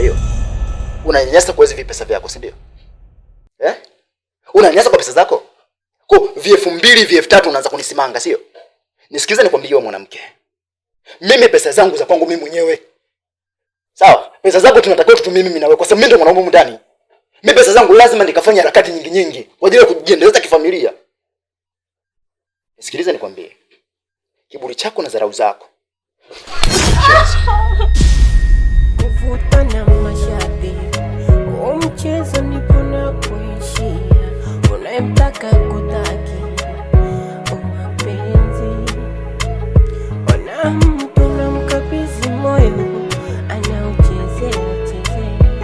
kwa hiyo, unanyanyasa kwa hivi pesa vyako, si ndio? Eh? Unanyanyasa kwa pesa zako. Kwa elfu mbili, elfu tatu unaanza kunisimanga, sio? Nisikize nikwambie wewe mwanamke. Mimi pesa zangu za kwangu mimi mwenyewe. Sawa? Pesa zako tunatakiwa tutumie mimi na wewe kwa sababu mimi ndo mwanaume ndani. Mimi pesa zangu lazima nikafanya harakati nyingi nyingi kwa ajili ya kujiendeleza kifamilia. Nisikilize nikwambie. Kiburi chako na dharau zako. mchezo ni na kuishia, unayemtaka kutaki umapenzi oh, wanampo na mkabizi moyo anaochezea chezea,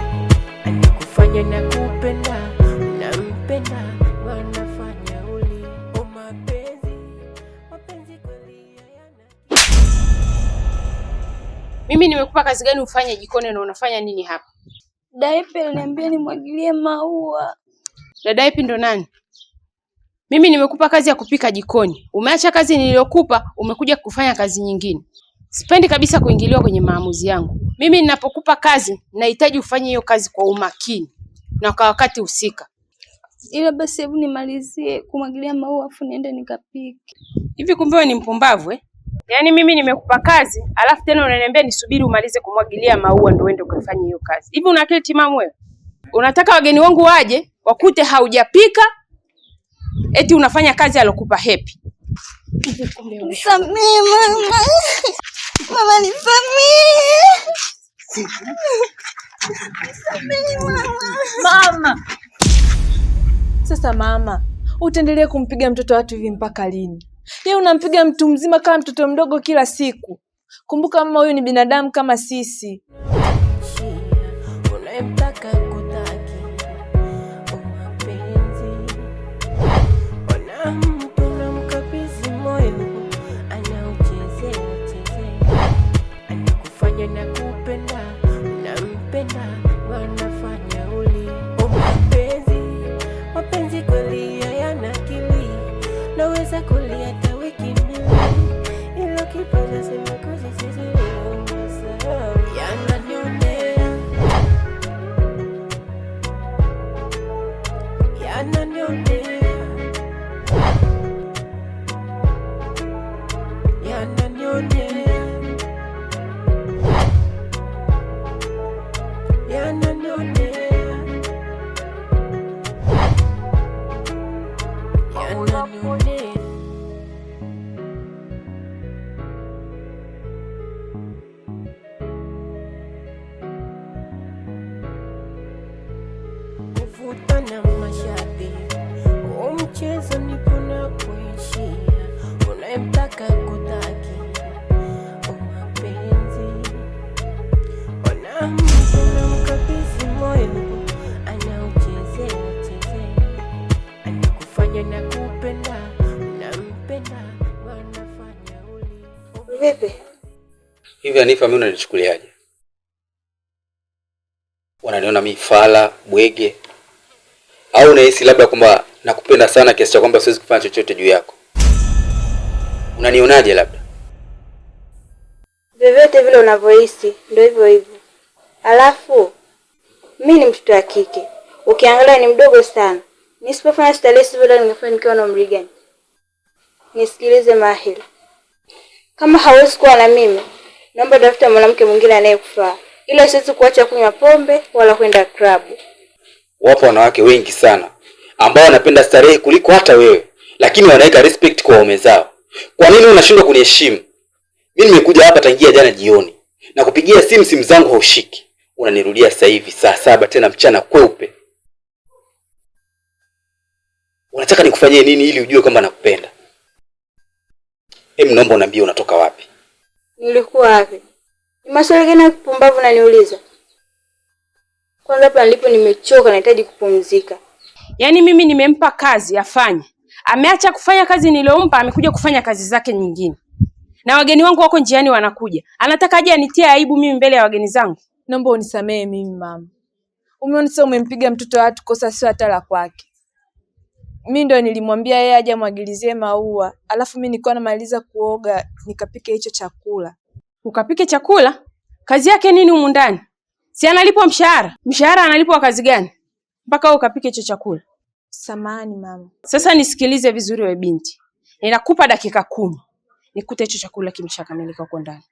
anakufanya na kupenda nampenda wanafanya uli umapenzi oh, mapenzi yana. Mimi nimekupa kazi gani ufanye jikoni na unafanya nini hapa? Dada aliniambia nimwagilie maua. Dada Ipi ndo nani? Mimi nimekupa kazi ya kupika jikoni, umeacha kazi niliyokupa, umekuja kufanya kazi nyingine. Sipendi kabisa kuingiliwa kwenye maamuzi yangu. Mimi ninapokupa kazi, nahitaji ufanye hiyo kazi kwa umakini na kwa wakati husika. Ila basi, hebu nimalizie kumwagilia maua afu niende nikapike. Hivi kumbe wewe ni mpumbavu eh? Yaani mimi nimekupa kazi alafu tena unaniambia nisubiri umalize kumwagilia maua ndio uende ukafanye hiyo kazi. Hivi akili timamu wewe? Unataka wageni wangu waje wakute haujapika eti unafanya kazi alokupa hepi. Nisamee mama. Mama nisamee. Nisamee mama. Mama. Sasa mama, utaendelea kumpiga mtoto watu hivi mpaka lini? Ye unampiga mtu mzima kama mtoto mdogo kila siku. Kumbuka mama, huyu ni binadamu kama sisi. kukutana mashabi, huu mchezo nipo na kuishia, unayemtaka kutaki umapenzi wanamna mkabisi moyo anauchezea chezea, anakufanya na kupenda, unampenda wanafanya uli vipi hivi. Hanifa, mimi unanichukuliaje? Wananiona mimi fala bwege au unahisi labda kwamba nakupenda sana kiasi cha kwamba siwezi kufanya chochote juu yako? Unanionaje? Labda vyovyote vile unavyohisi ndio hivyo hivyo. Alafu mi ni mtoto wa kike, ukiangalia ni mdogo sana. Nisipofanya starehe vile ningefanya nikiwa na umri gani? Nisikilize Mahili, kama hawezi kuwa na mimi, naomba tafuta mwanamke mwingine anayekufaa, ila siwezi kuacha kunywa pombe wala kwenda klabu wapo wanawake wengi sana ambao wanapenda starehe kuliko hata wewe, lakini wanaweka respect kwa waume zao. Kwa nini unashindwa kuniheshimu? Mimi nimekuja hapa tangia jana jioni na kupigia simu, simu zangu haushiki, unanirudia sasa hivi saa saba tena mchana kweupe. Unataka nikufanyie nini ili ujue kwamba nakupenda? Hebu naomba unaambia unatoka wapi? Nilikuwa wapi? Ni maswali gani ya kupumbavu unaniuliza? kwanza hapa nilipo nimechoka, nahitaji kupumzika. Yaani mimi nimempa kazi afanye, ameacha kufanya kazi niliyompa, amekuja kufanya kazi zake nyingine, na wageni wangu wako njiani wanakuja. Anataka aje anitie aibu mimi mbele ya wageni zangu? Naomba unisamehe mimi mama, umeonisa umempiga mtoto watu, kosa sio hata la kwake. Mi ndo nilimwambia yeye aje mwagilizie maua, alafu mi nilikuwa namaliza kuoga nikapike hicho chakula. Ukapike chakula? kazi yake nini humu ndani? Si analipwa mshahara? Mshahara analipwa kazi gani mpaka wewe ukapike hicho chakula? Samani mama. Sasa nisikilize vizuri, we binti, ninakupa dakika kumi nikute hicho chakula kimeshakamilika huko ndani.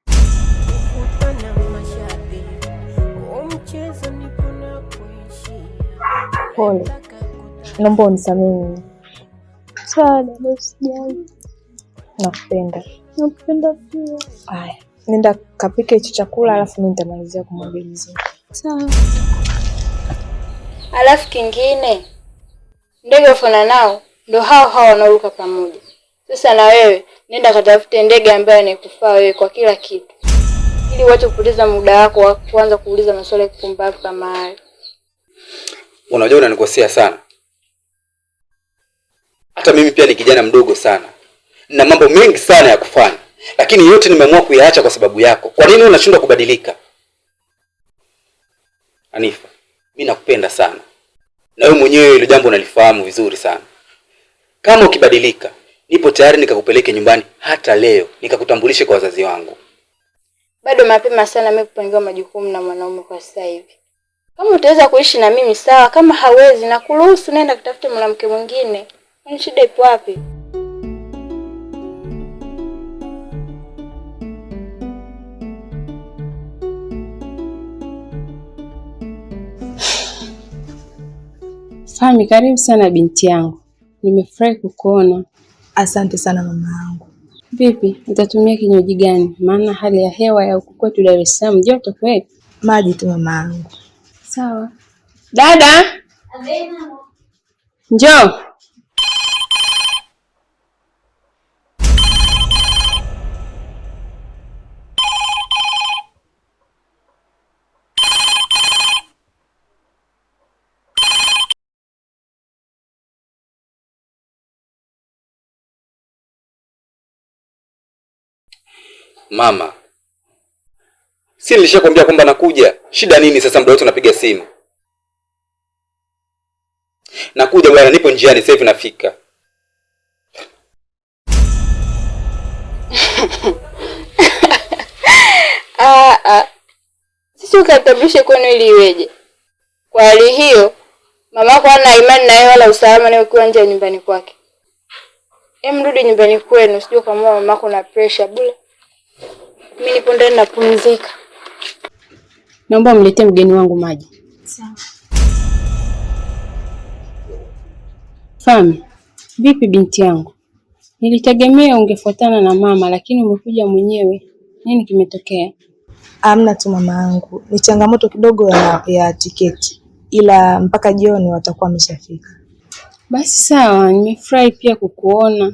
Pole, naomba unisamehe. Sana sijali, nakupenda. Nakupenda pia. Haya, nenda kapike hicho chakula, alafu mimi nitamalizia kumwambia mzee. Sawa. Alafu kingine, ndege ufana nao ndo hao hao wanaruka pamoja. Sasa na wewe nenda katafute ndege ambaye anakufaa wewe kwa kila kitu, ili uache kupoteza muda wako wa kuanza kuuliza maswali ya kupumbavu kama hayo. Unajua unanikosea sana, hata mimi pia ni kijana mdogo sana na mambo mengi sana ya kufanya, lakini yote nimeamua kuyaacha kwa sababu yako. Kwa nini unashindwa kubadilika? Hanifa, mi nakupenda sana na wewe mwenyewe hilo jambo unalifahamu vizuri sana. Kama ukibadilika, nipo tayari nikakupeleke nyumbani hata leo, nikakutambulishe kwa wazazi wangu. Bado mapema sana mimi kupangiwa majukumu na mwanaume kwa sasa hivi. Kama utaweza kuishi na mimi sawa, kama hawezi, na kuruhusu nenda kutafuta mwanamke mwingine. Shida ipo wapi? fami karibu sana binti yangu, nimefurahi kukuona. Asante sana mama yangu. Vipi, utatumia kinywaji gani? Maana hali ya hewa ya huku kwetu Dar es Salaam joto kweli. Maji tu mama yangu. Sawa dada, njoo mama, si nilishakwambia kwamba nakuja? Shida nini sasa muda wote unapiga simu? Nakuja bwana, nipo njiani sasa hivi nafika. Ah, ah. Sisi ukatabishe kwenu ili iweje? Kwa hali hiyo mamako hana imani naye wala usalama naye ukiwa nje ya nyumbani kwake. Emrudi nyumbani kwenu, sijui kama mamako na pressure bure. Mimi nipo ndani napumzika. Naomba mletee mgeni wangu maji. Sawa. Fami, vipi binti yangu? Nilitegemea ungefuatana na mama lakini umekuja mwenyewe. Nini kimetokea? Amna tu mama yangu, ni changamoto kidogo ya, ya tiketi, ila mpaka jioni watakuwa wameshafika. Basi sawa, nimefurahi pia kukuona.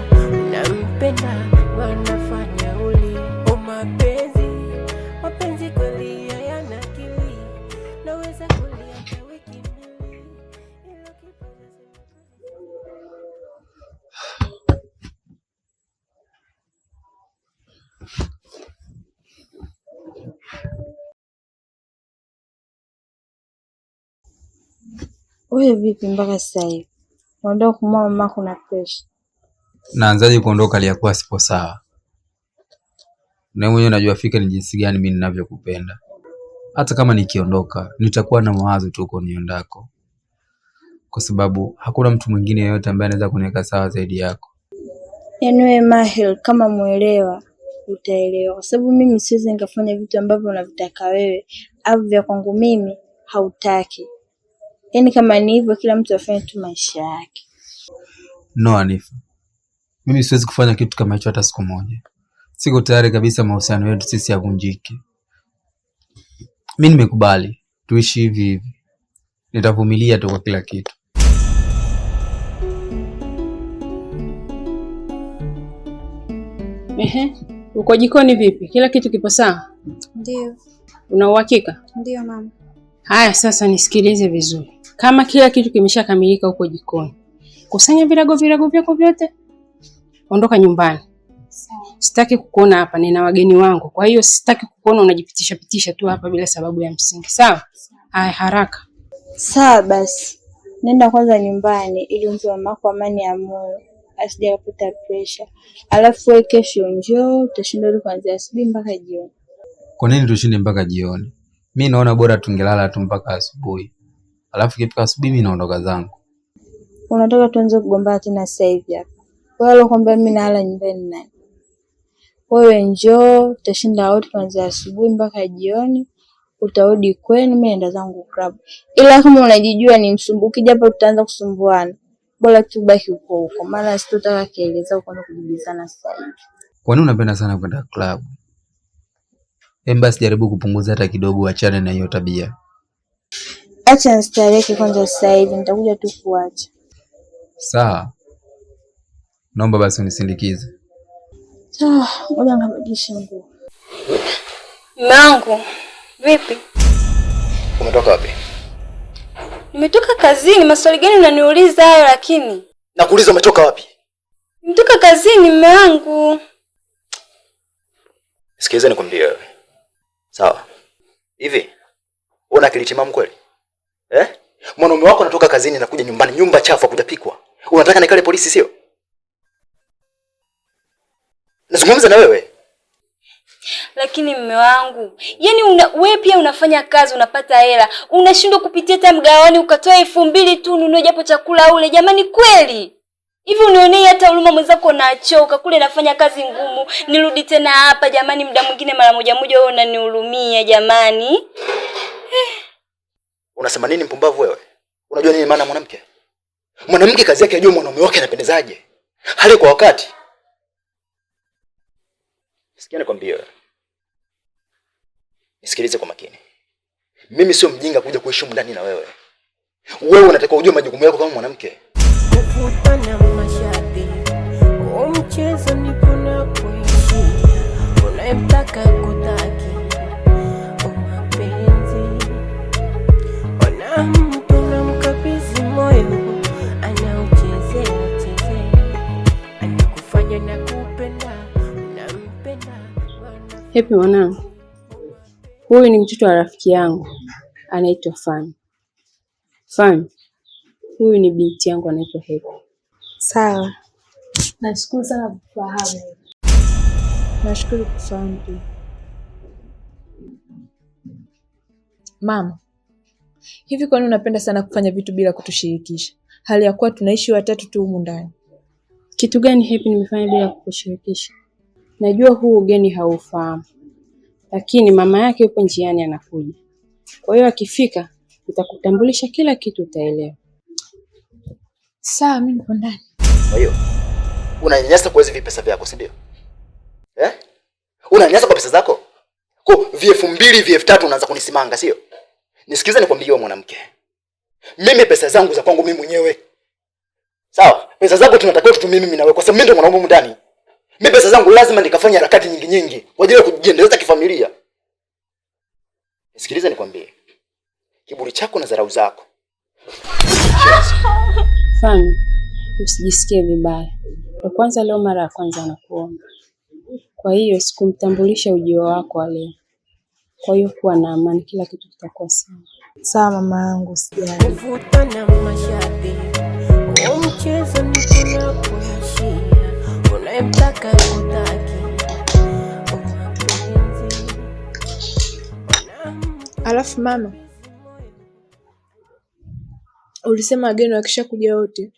Wewe vipi mpaka sasa hivi? Unaondoka kumwona mama kuna pressure. Naanzaje kuondoka aliyakuwa sipo sawa? Na wewe unajua fika ni jinsi gani mimi ninavyokupenda. Hata kama nikiondoka, nitakuwa na mawazo tu uko niondako. Kwa sababu hakuna mtu mwingine yeyote ambaye anaweza kuniweka sawa zaidi yako. Yaani wewe Mahel, kama mwelewa utaelewa, kwa sababu mimi siwezi nikafanya vitu ambavyo unavitaka wewe au vya kwangu mimi hautaki. Yaani kama ni hivyo, kila mtu afanye tu maisha yake. No Hanifa, mimi siwezi kufanya kitu kama hicho hata siku moja. Siko tayari kabisa mahusiano yetu sisi yavunjike. Mi nimekubali tuishi hivi hivi, nitavumilia tu kwa kila kitu. Ehe, uko jikoni vipi? Kila kitu kipo sawa? Ndio. Una uhakika? Ndio mama. Haya, sasa nisikilize vizuri. Kama kila kitu kimeshakamilika huko jikoni, kusanya virago virago vyako vyote, ondoka nyumbani. Sitaki kukuona hapa, nina wageni wangu. Kwa hiyo sitaki kukuona unajipitisha pitisha tu hapa bila sababu ya msingi. Sawa? Haya, haraka. Sawa basi, nenda kwanza nyumbani ili umpe mamako amani ya moyo asija kupata presha, alafu wewe kesho njoo. Utashinda kuanzia asubuhi mpaka jioni. Kwa nini tushinde mpaka jioni? Mi naona bora tungelala tu mpaka asubuhi alafu ikifika asubuhi mimi naondoka zangu. Unataka tuanze kugombana tena sasa hivi hapa? Wewe alokwambia mimi nalala nyumbani nani? Wewe njoo, tutashinda wote kuanzia asubuhi mpaka jioni, utarudi kwenu, mimi naenda zangu club. Ila kama unajijua ni msumbuki, japo tutaanza kusumbuana, bora tubaki huko huko, maana sitotaka kelele za kuanza kujibizana sasa hivi. Kwa nini unapenda sana kwenda club? Hem, basi jaribu kupunguza hata kidogo, achane na hiyo tabia acha nistareke kwanza, sasa hivi nitakuja tu kuacha. Sawa, naomba basi unisindikize. Sawa, ah, ngoja nikabadilishe nguo. Mangu, vipi? Umetoka wapi? Nimetoka kazini. Maswali gani unaniuliza hayo? Lakini nakuuliza umetoka wapi? Nimetoka kazini, mume wangu. Sikiliza nikwambie wewe, sawa? Hivi una akili timamu kweli? Eh? Mwanaume wako anatoka kazini na kuja nyumbani, nyumba chafu hakuja Unataka nikale polisi sio? Nazungumza na wewe. Lakini mme wangu, yani wewe pia unafanya kazi unapata hela, unashindwa kupitia hata mgawani ukatoa elfu mbili tu ununue japo chakula ule. Jamani, kweli hivi unionei hata huruma? Mwenzako nachoka kule, nafanya kazi ngumu, nirudi tena hapa jamani. Muda mwingine mara moja moja wewe unanihurumia jamani. Unasema nini mpumbavu wewe? Unajua nini maana mwanamke? Mwanamke kazi yake ajue mwanaume wake anapendezaje, hali kwa wakati. Sikia nikwambie wewe, nisikilize kwa makini. Mimi sio mjinga kuja kuishi ndani na wewe. Wewe unatakiwa ujue majukumu yako kama mwanamke. Kukutana mashabi, mchezo nipo na kuishi, unaemtaka Hepi mwanangu, huyu ni mtoto wa rafiki yangu anaitwa Fan. Fan, huyu ni binti yangu anaitwa Hepi. Sawa, nashukuru sana kufahamu. Nashukuru kufahamu pia. Mama, hivi kwani unapenda sana kufanya vitu bila kutushirikisha, hali ya kuwa tunaishi watatu tu humu ndani? Kitu gani Hepi nimefanya bila kukushirikisha? Najua huu ugeni haufahamu, lakini mama yake yupo njiani anakuja. Kwa hiyo akifika nitakutambulisha kila kitu, utaelewa. Sawa, mimi niko ndani. Kwa hiyo unanyanyasa kwa hizo pesa vyako, si ndio? Eh? Unanyanyasa kwa pesa zako? Kwa elfu mbili, elfu tatu unaanza kunisimanga, sio? Nisikize nikwambie wewe mwanamke. Mimi pesa zangu za kwangu mimi mwenyewe. Sawa? Pesa zako tunatakiwa tutumie mimi na wewe kwa sababu mimi ndio mwanaume ndani. Mimi pesa zangu lazima nikafanya harakati nyingi nyingi kwa ajili ya kujiendeleza kifamilia. Sikiliza nikwambie, kiburi chako na dharau zako. Fani, usijisikie vibaya. Kwa kwanza leo mara ya kwanza nakuona, kwa hiyo sikumtambulisha ujio wako wa leo. Kwa hiyo kuwa na amani, kila kitu kitakuwa sawa. Sawa mama yangu, sijali mpaka kutaki. Alafu mama, ulisema wageni wakisha kuja wote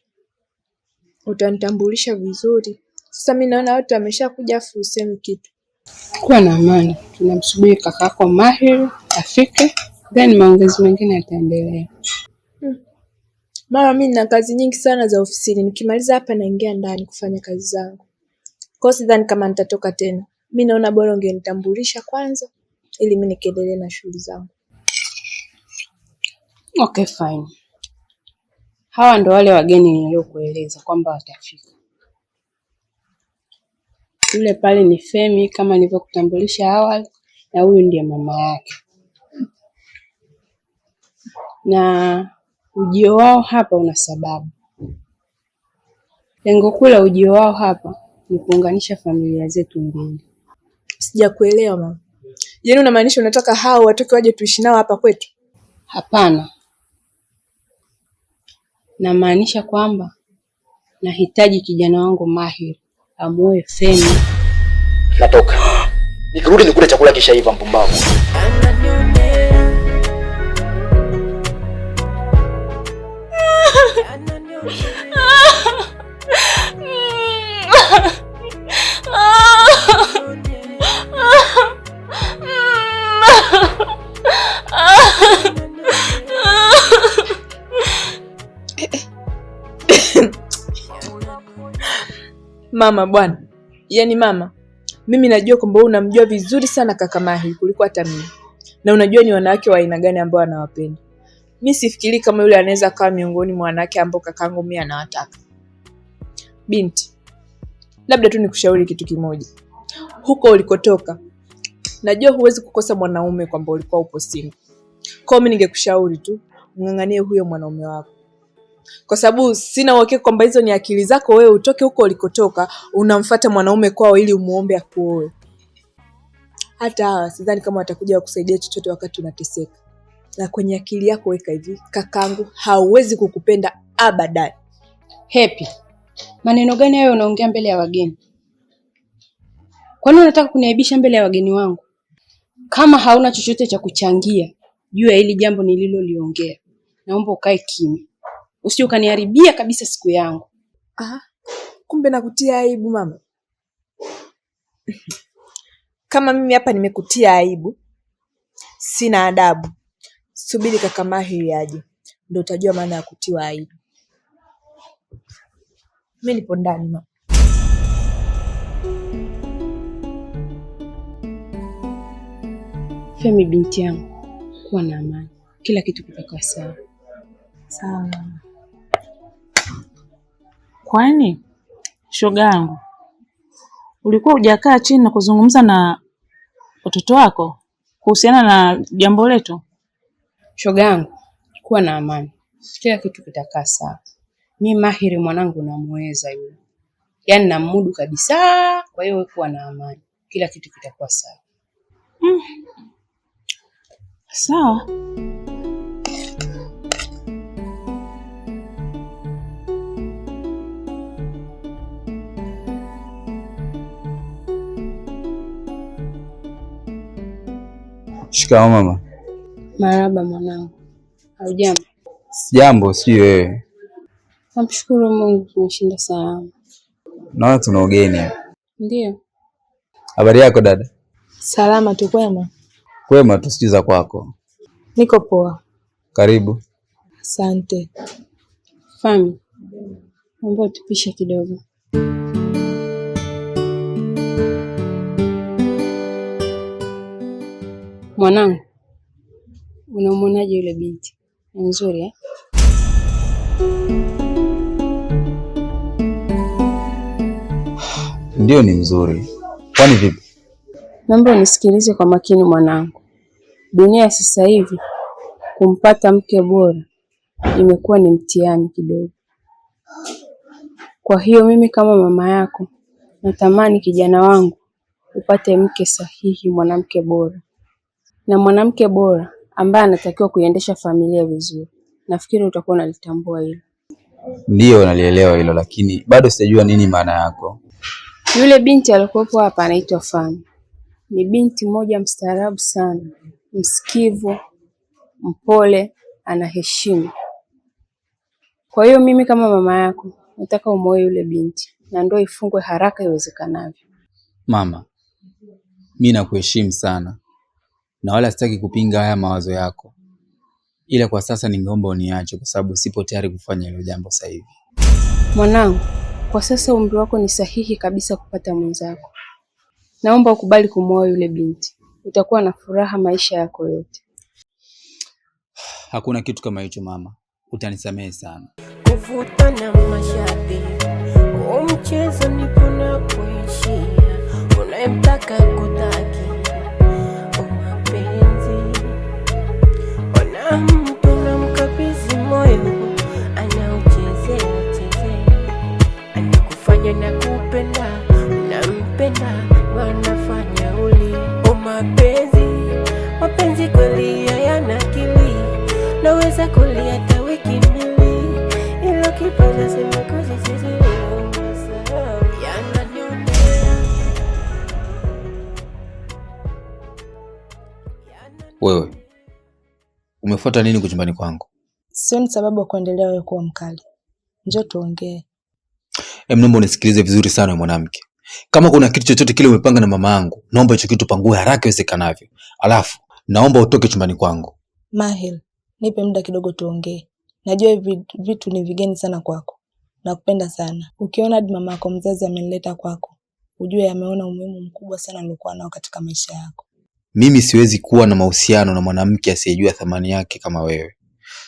utanitambulisha vizuri. Sasa mi naona wote wameshakuja, afu usemi kitu. Kuwa na amani, tunamsubiri kakako Mahir afike, then maongezi mengine yataendelea. Hmm. Mama, mi nina kazi nyingi sana za ofisini, nikimaliza hapa naingia ndani kufanya kazi zangu. Kwa hiyo sidhani kama nitatoka tena. Mimi naona bora ungenitambulisha kwanza ili mimi nikiendelee na shughuli zangu. Okay, fine. Hawa ndo wale wageni niliokueleza kwamba watafika. Yule pale ni Femi kama nilivyokutambulisha awali, na huyu ndiye mama yake. Na ujio wao hapa una sababu. Lengo kuu la ujio wao hapa ni kuunganisha familia zetu mbili. Sijakuelewa mama. Yaani unamaanisha unataka hao watoke waje tuishi nao hapa kwetu? Hapana, namaanisha kwamba nahitaji kijana wangu mahir amuoe Feni. Natoka nikirudi nikule chakula kishaiva, mpumbavu. Mama bwana, yaani mama, mimi najua kwamba unamjua vizuri sana kaka Mahi kuliko hata mimi, na unajua ni wanawake wa aina gani ambao anawapenda. Mi sifikiri kama yule anaweza kawa miongoni mwa wanawake ambao kakangu mimi anawataka. Binti, labda tu nikushauri kitu kimoja, huko ulikotoka najua huwezi kukosa mwanaume kwamba ulikuwa upo single. Kwa hiyo mimi ningekushauri tu ung'ang'anie huyo mwanaume wako, kwa sababu sina uhakika kwamba hizo ni akili zako wewe, utoke huko ulikotoka, unamfata mwanaume kwao ili umuombe akuoe. Hata hawa sidhani kama watakuja wakusaidia chochote wakati unateseka. Na kwenye akili yako weka hivi, kakangu hauwezi kukupenda abadani. Hepi, maneno gani hayo unaongea mbele ya wageni? Kwani unataka kuniaibisha mbele ya wageni wangu? Kama hauna chochote cha kuchangia juu ya hili jambo nililoliongea, naomba ukae kimya usije ukaniharibia kabisa siku yangu. Aha. Kumbe nakutia aibu mama. Kama mimi hapa nimekutia aibu, sina adabu. Subiri kaka Mahi aje, ndio utajua maana ya kutiwa aibu. Mimi nipo ndani mama. Femi binti yangu, kuwa na amani, kila kitu kitakuwa sawa sawa. Kwani shoga yangu, ulikuwa hujakaa chini na kuzungumza na watoto wako kuhusiana na jambo letu? Shoga yangu, kuwa na amani, kila kitu kitakaa sawa. Mi mahiri mwanangu namuweza yule, yaani namudu kabisa. Kwa hiyo kuwa na amani, kila kitu kitakuwa sawa. Mm. Sawa. Shikamoo mama. Maraba mwanangu. Hujambo? Sijambo, sijui wewe. Namshukuru Mungu tumeshinda salama. Naona tuna ugeni. Ndio. Habari yako dada? Salama tu. Kwema? Kwema tu, sijui za kwako. Niko poa. Karibu. Asante. Fami, naomba tupishe kidogo. Mwanangu, unamwonaje yule binti? Ni nzuri eh? Ndio, ni mzuri. Kwani vipi? Naomba unisikilize kwa makini mwanangu. Dunia sasa hivi kumpata mke bora imekuwa ni mtihani kidogo. Kwa hiyo mimi kama mama yako natamani kijana wangu upate mke sahihi, mwanamke bora na mwanamke bora ambaye anatakiwa kuiendesha familia vizuri. Nafikiri utakuwa unalitambua hilo. Ndiyo, nalielewa hilo, lakini bado sijajua nini maana yako. Yule binti alikuwepo hapa anaitwa Fani. Ni binti mmoja mstaarabu sana, msikivu, mpole, ana heshima. Kwa hiyo mimi kama mama yako nataka umoe yule binti na ndoa ifungwe haraka iwezekanavyo. Mama, mimi nakuheshimu sana na wala sitaki kupinga haya mawazo yako, ila kwa sasa ningeomba uniache, kwa sababu sipo tayari kufanya hilo jambo sasa hivi. Mwanangu, kwa sasa umri wako ni sahihi kabisa kupata mwenzako. Naomba ukubali kumwoa yule binti, utakuwa na furaha maisha yako yote. Hakuna kitu kama hicho mama, utanisamehe sana. Kuvuta na umchezo ni kuna kuishia unayemtaka kutaka napenda kupenda, nampenda wanafanya uli o mapenzi, mapenzi kweli hayana akili, naweza kulia hata wiki mbili, ilo kipaza sema kazi wewe umefuata nini kuchumbani kwangu? Sioni sababu ya kuendelea wewe kuwa mkali, njoo tuongee. Hem, naomba unisikilize vizuri sana mwanamke. Kama kuna kitu chochote kile umepanga na mama yangu, naomba hicho kitu pangue haraka iwezekanavyo. Alafu naomba utoke chumbani kwangu. Mahil, nipe muda kidogo tuongee. Najua vitu ni vigeni sana kwako. Nakupenda sana. Ukiona hadi mama yako mzazi amenileta kwako, ujue ameona umuhimu mkubwa sana nilikuwa nao katika maisha yako. Mimi siwezi kuwa na mahusiano na mwanamke asiyejua thamani yake kama wewe.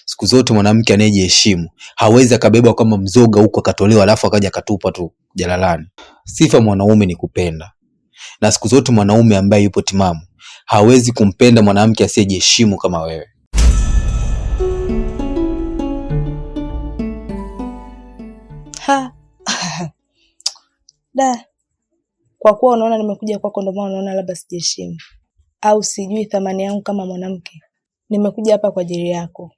Siku zote mwanamke anayejiheshimu hawezi akabebwa kama mzoga huko akatolewa alafu akaja akatupa tu jalalani. Sifa mwanaume ni kupenda, na siku zote mwanaume ambaye yupo timamu hawezi kumpenda mwanamke asiyejiheshimu kama wewe. Da, kwa kuwa unaona nimekuja kwako, ndio maana unaona labda sijiheshimu au sijui thamani yangu kama mwanamke. Nimekuja hapa kwa ajili yako.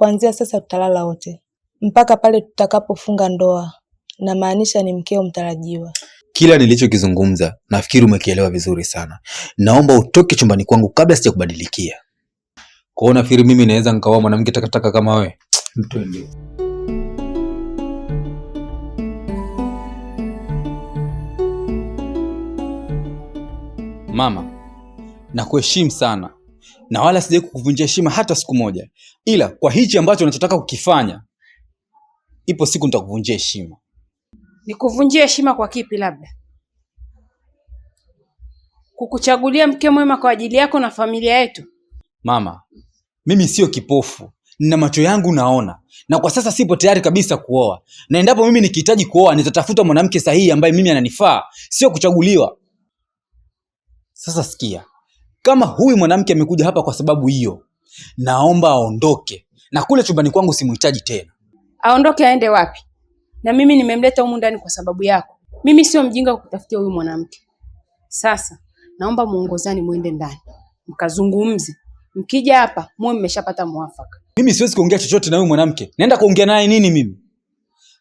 Kuanzia sasa tutalala wote mpaka pale tutakapofunga ndoa, namaanisha ni mkeo mtarajiwa. Kila nilichokizungumza nafikiri umekielewa vizuri sana. Naomba utoke chumbani kwangu kabla sijakubadilikia. Kwa hiyo nafikiri mimi naweza nikaoa mwanamke takataka kama wewe? Mtwende. Mama, nakuheshimu sana na wala sijai kukuvunjia heshima hata siku moja, ila kwa hichi ambacho unachotaka kukifanya, ipo siku nitakuvunjia heshima. Nikuvunjia heshima kwa kipi? Labda kukuchagulia mke mwema kwa ajili yako na familia yetu. Mama, mimi siyo kipofu, nina macho yangu naona, na kwa sasa sipo tayari kabisa kuoa, na endapo mimi nikihitaji kuoa nitatafuta mwanamke sahihi ambaye mimi ananifaa, sio kuchaguliwa. Sasa sikia, kama huyu mwanamke amekuja hapa kwa sababu hiyo, naomba aondoke, na kule chumbani kwangu simuhitaji tena. Aondoke aende wapi? Na mimi nimemleta humu ndani kwa sababu yako. Mimi sio mjinga kukutafutia huyu mwanamke. Sasa naomba muongozani, muende ndani mkazungumze, mkija hapa muwe mmeshapata mwafaka. Mimi siwezi kuongea chochote na huyu mwanamke. Naenda kuongea naye nini mimi?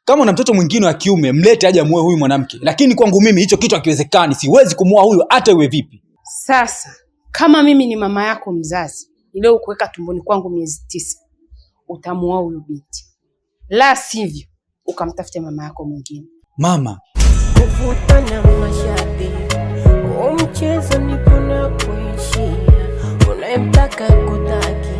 Kama una mtoto mwingine wa kiume mlete aje amuoe huyu mwanamke, lakini kwangu mimi hicho kitu hakiwezekani. Siwezi kumuoa huyu hata iwe vipi. Sasa kama mimi ni mama yako mzazi, leo kuweka tumboni kwangu miezi tisa, utamuoa huyu binti, la sivyo ukamtafute mama yako mwingine. Mama kuvutana mashati, mchezo kuishia, unayemtaka kutaki